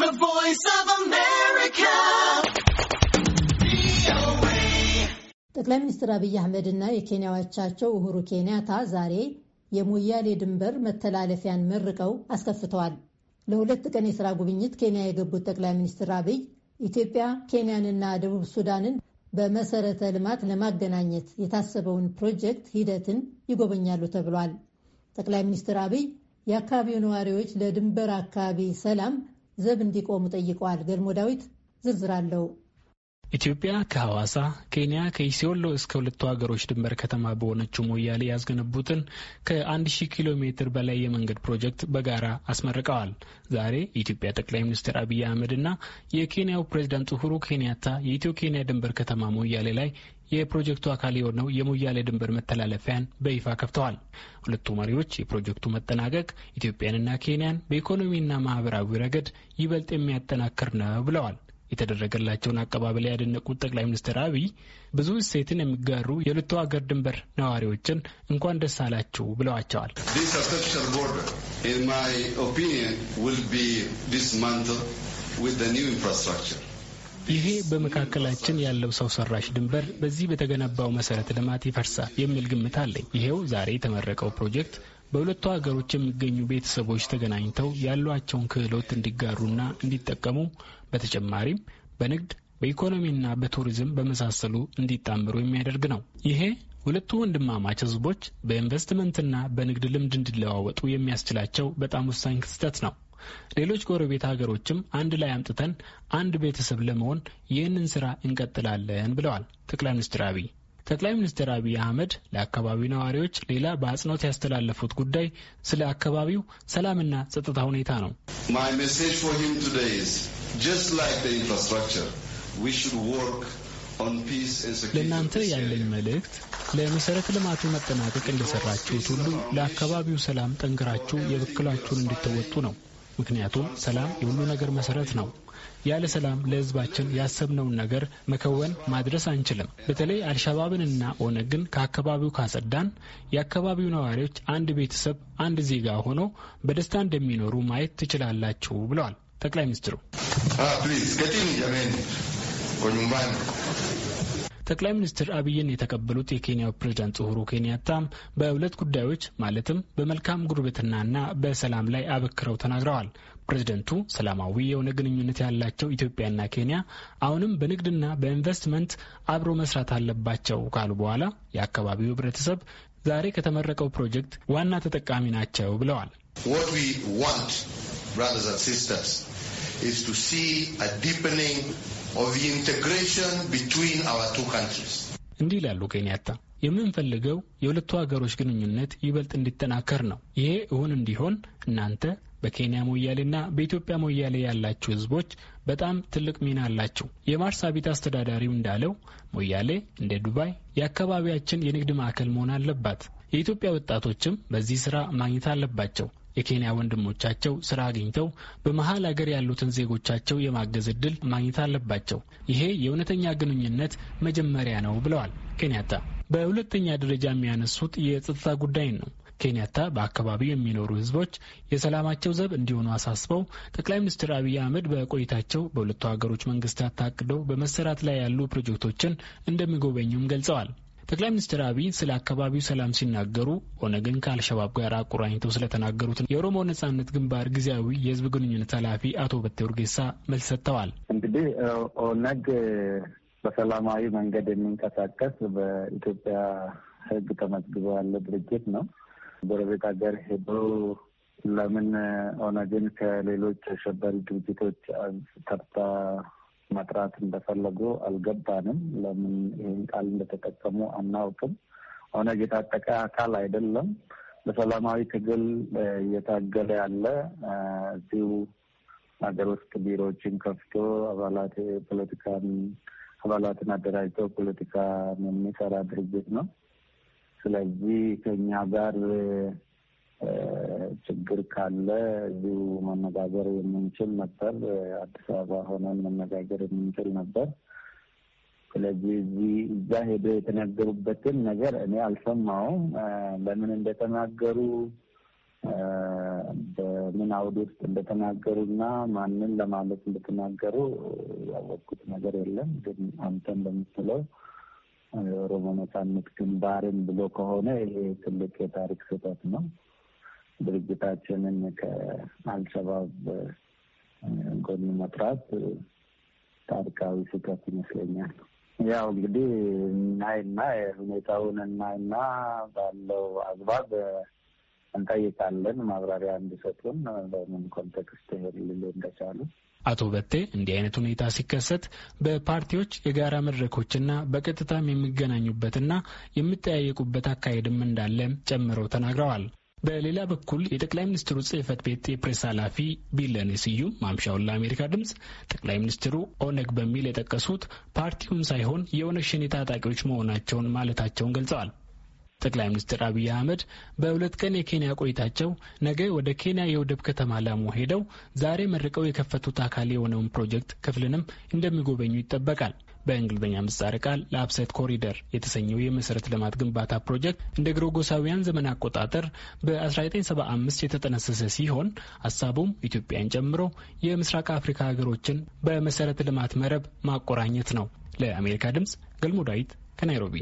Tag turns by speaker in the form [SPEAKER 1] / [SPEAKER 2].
[SPEAKER 1] The Voice of America.
[SPEAKER 2] ጠቅላይ ሚኒስትር አብይ አህመድና የኬንያ አቻቸው ኡሁሩ ኬንያታ ዛሬ የሞያሌ ድንበር መተላለፊያን መርቀው አስከፍተዋል። ለሁለት ቀን የሥራ ጉብኝት ኬንያ የገቡት ጠቅላይ ሚኒስትር አብይ ኢትዮጵያ ኬንያንና ደቡብ ሱዳንን በመሰረተ ልማት ለማገናኘት የታሰበውን ፕሮጀክት ሂደትን ይጎበኛሉ ተብሏል። ጠቅላይ ሚኒስትር አብይ የአካባቢው ነዋሪዎች ለድንበር አካባቢ ሰላም ዘብ እንዲቆሙ ጠይቀዋል። ገልሞ ዳዊት ዝርዝር አለው። ኢትዮጵያ ከሐዋሳ ኬንያ ከኢሲዮሎ እስከ ሁለቱ ሀገሮች ድንበር ከተማ በሆነችው ሞያሌ ያስገነቡትን ከ1000 ኪሎ ሜትር በላይ የመንገድ ፕሮጀክት በጋራ አስመርቀዋል። ዛሬ የኢትዮጵያ ጠቅላይ ሚኒስትር አብይ አህመድ እና የኬንያው ፕሬዝዳንት ኡሁሩ ኬንያታ የኢትዮ ኬንያ ድንበር ከተማ ሞያሌ ላይ የፕሮጀክቱ አካል የሆነው የሞያሌ ድንበር መተላለፊያን በይፋ ከፍተዋል። ሁለቱ መሪዎች የፕሮጀክቱ መጠናቀቅ ኢትዮጵያንና ኬንያን በኢኮኖሚና ማህበራዊ ረገድ ይበልጥ የሚያጠናክር ነው ብለዋል። የተደረገላቸውን አቀባበል ያደነቁት ጠቅላይ ሚኒስትር አብይ ብዙ እሴትን የሚጋሩ የሁለቱ ሀገር ድንበር ነዋሪዎችን እንኳን ደስ አላችሁ ብለዋቸዋል። ይሄ በመካከላችን ያለው ሰው ሰራሽ ድንበር በዚህ በተገነባው መሰረተ ልማት ይፈርሳል የሚል ግምት አለኝ። ይሄው ዛሬ የተመረቀው ፕሮጀክት በሁለቱ ሀገሮች የሚገኙ ቤተሰቦች ተገናኝተው ያሏቸውን ክህሎት እንዲጋሩና እንዲጠቀሙ በተጨማሪም በንግድ በኢኮኖሚና በቱሪዝም በመሳሰሉ እንዲጣምሩ የሚያደርግ ነው። ይሄ ሁለቱ ወንድማማች ህዝቦች በኢንቨስትመንትና በንግድ ልምድ እንዲለዋወጡ የሚያስችላቸው በጣም ወሳኝ ክስተት ነው። ሌሎች ጎረቤት ሀገሮችም አንድ ላይ አምጥተን አንድ ቤተሰብ ለመሆን ይህንን ስራ እንቀጥላለን ብለዋል ጠቅላይ ሚኒስትር አብይ። ጠቅላይ ሚኒስትር አብይ አህመድ ለአካባቢው ነዋሪዎች ሌላ በአጽንኦት ያስተላለፉት ጉዳይ ስለ አካባቢው ሰላምና ጸጥታ ሁኔታ ነው። ለእናንተ ያለኝ መልእክት ለመሰረተ ልማቱ መጠናቀቅ እንደሰራችሁት ሁሉ ለአካባቢው ሰላም ጠንክራችሁ የበኩላችሁን እንድትወጡ ነው። ምክንያቱም ሰላም የሁሉ ነገር መሰረት ነው። ያለ ሰላም ለህዝባችን ያሰብነውን ነገር መከወን ማድረስ አንችልም። በተለይ አልሸባብንና ኦነግን ከአካባቢው ካጸዳን የአካባቢው ነዋሪዎች አንድ ቤተሰብ፣ አንድ ዜጋ ሆነው በደስታ እንደሚኖሩ ማየት ትችላላችሁ ብለዋል ጠቅላይ ሚኒስትሩ። ah, ጠቅላይ ሚኒስትር አብይን የተቀበሉት የኬንያው ፕሬዚዳንት ኡሁሩ ኬንያታ በሁለት ጉዳዮች ማለትም በመልካም ጉርብትናና በሰላም ላይ አበክረው ተናግረዋል። ፕሬዝደንቱ ሰላማዊ የሆነ ግንኙነት ያላቸው ኢትዮጵያና ኬንያ አሁንም በንግድና በኢንቨስትመንት አብሮ መስራት አለባቸው ካሉ በኋላ የአካባቢው ሕብረተሰብ ዛሬ ከተመረቀው ፕሮጀክት ዋና ተጠቃሚ ናቸው ብለዋል።
[SPEAKER 1] is to see a deepening of the integration between our two countries.
[SPEAKER 2] እንዲህ ይላሉ ኬንያታ። የምንፈልገው የሁለቱ ሀገሮች ግንኙነት ይበልጥ እንዲጠናከር ነው። ይሄ እውን እንዲሆን እናንተ በኬንያ ሞያሌና በኢትዮጵያ ሞያሌ ያላችሁ ህዝቦች በጣም ትልቅ ሚና አላችሁ። የማርሳቢት አስተዳዳሪው እንዳለው ሞያሌ እንደ ዱባይ የአካባቢያችን የንግድ ማዕከል መሆን አለባት። የኢትዮጵያ ወጣቶችም በዚህ ስራ ማግኘት አለባቸው። የኬንያ ወንድሞቻቸው ስራ አግኝተው በመሀል አገር ያሉትን ዜጎቻቸው የማገዝ እድል ማግኘት አለባቸው። ይሄ የእውነተኛ ግንኙነት መጀመሪያ ነው ብለዋል ኬንያታ። በሁለተኛ ደረጃ የሚያነሱት የጸጥታ ጉዳይን ነው። ኬንያታ በአካባቢው የሚኖሩ ህዝቦች የሰላማቸው ዘብ እንዲሆኑ አሳስበው ጠቅላይ ሚኒስትር አብይ አህመድ በቆይታቸው በሁለቱ ሀገሮች መንግስታት ታቅደው በመሰራት ላይ ያሉ ፕሮጀክቶችን እንደሚጎበኙም ገልጸዋል። ጠቅላይ ሚኒስትር አብይ ስለ አካባቢው ሰላም ሲናገሩ ኦነግን ከአልሸባብ ጋር አቆራኝተው ስለተናገሩት የኦሮሞ ነጻነት ግንባር ጊዜያዊ የህዝብ ግንኙነት ኃላፊ አቶ በቴ ኡርጌሳ መልስ ሰጥተዋል።
[SPEAKER 1] እንግዲህ ኦነግ በሰላማዊ መንገድ የሚንቀሳቀስ በኢትዮጵያ ህግ ተመዝግቦ ያለ ድርጅት ነው። ጎረቤት ሀገር ሄዶ ለምን ኦነግን ከሌሎች አሸባሪ ድርጅቶች ተርታ መጥራት እንደፈለጉ አልገባንም። ለምን ይህን ቃል እንደተጠቀሙ አናውቅም። ኦነግ የታጠቀ አካል አይደለም። በሰላማዊ ትግል እየታገለ ያለ እዚሁ ሀገር ውስጥ ቢሮዎችን ከፍቶ አባላት ፖለቲካን አባላትን አደራጅቶ ፖለቲካን የሚሰራ ድርጅት ነው። ስለዚህ ከኛ ጋር ችግር ካለ እዚሁ መነጋገር የምንችል ነበር። አዲስ አበባ ሆነን መነጋገር የምንችል ነበር። ስለዚህ እዚህ እዛ ሄደው የተነገሩበትን ነገር እኔ አልሰማውም። ለምን እንደተናገሩ በምን አውድ ውስጥ እንደተናገሩ እና ማንን ለማለት እንደተናገሩ ያወቅኩት ነገር የለም። ግን አንተ እንደምትለው የኦሮሞ ግንባርን ብሎ ከሆነ ይሄ ትልቅ የታሪክ ስህተት ነው። ድርጅታችንን ከአልሸባብ ጎን መጥራት ታሪካዊ ስህተት ይመስለኛል። ያው እንግዲህ እናይና ሁኔታውን እናይና ባለው አግባብ እንጠይቃለን ማብራሪያ እንዲሰጡን በምን ኮንቴክስት ሄድልል እንደቻሉ
[SPEAKER 2] አቶ በቴ እንዲህ አይነት ሁኔታ ሲከሰት በፓርቲዎች የጋራ መድረኮችና በቀጥታም የሚገናኙበትና የሚጠያየቁበት አካሄድም እንዳለ ጨምረው ተናግረዋል። በሌላ በኩል የጠቅላይ ሚኒስትሩ ጽህፈት ቤት የፕሬስ ኃላፊ ቢለኔ ስዩም ማምሻውን ለአሜሪካ ድምፅ ጠቅላይ ሚኒስትሩ ኦነግ በሚል የጠቀሱት ፓርቲውን ሳይሆን የኦነግ ሸኔ ታጣቂዎች መሆናቸውን ማለታቸውን ገልጸዋል። ጠቅላይ ሚኒስትር አብይ አህመድ በሁለት ቀን የኬንያ ቆይታቸው ነገ ወደ ኬንያ የወደብ ከተማ ላሙ ሄደው ዛሬ መርቀው የከፈቱት አካል የሆነውን ፕሮጀክት ክፍልንም እንደሚጎበኙ ይጠበቃል። በእንግሊዝኛ ምጻረ ቃል ለአፕሰት ኮሪደር የተሰኘው የመሰረተ ልማት ግንባታ ፕሮጀክት እንደ ግሮጎሳውያን ዘመን አቆጣጠር በ1975 የተጠነሰሰ ሲሆን ሀሳቡም ኢትዮጵያን ጨምሮ የምስራቅ አፍሪካ ሀገሮችን በመሰረተ ልማት መረብ ማቆራኘት ነው። ለአሜሪካ ድምጽ ገልሞ ዳዊት ከናይሮቢ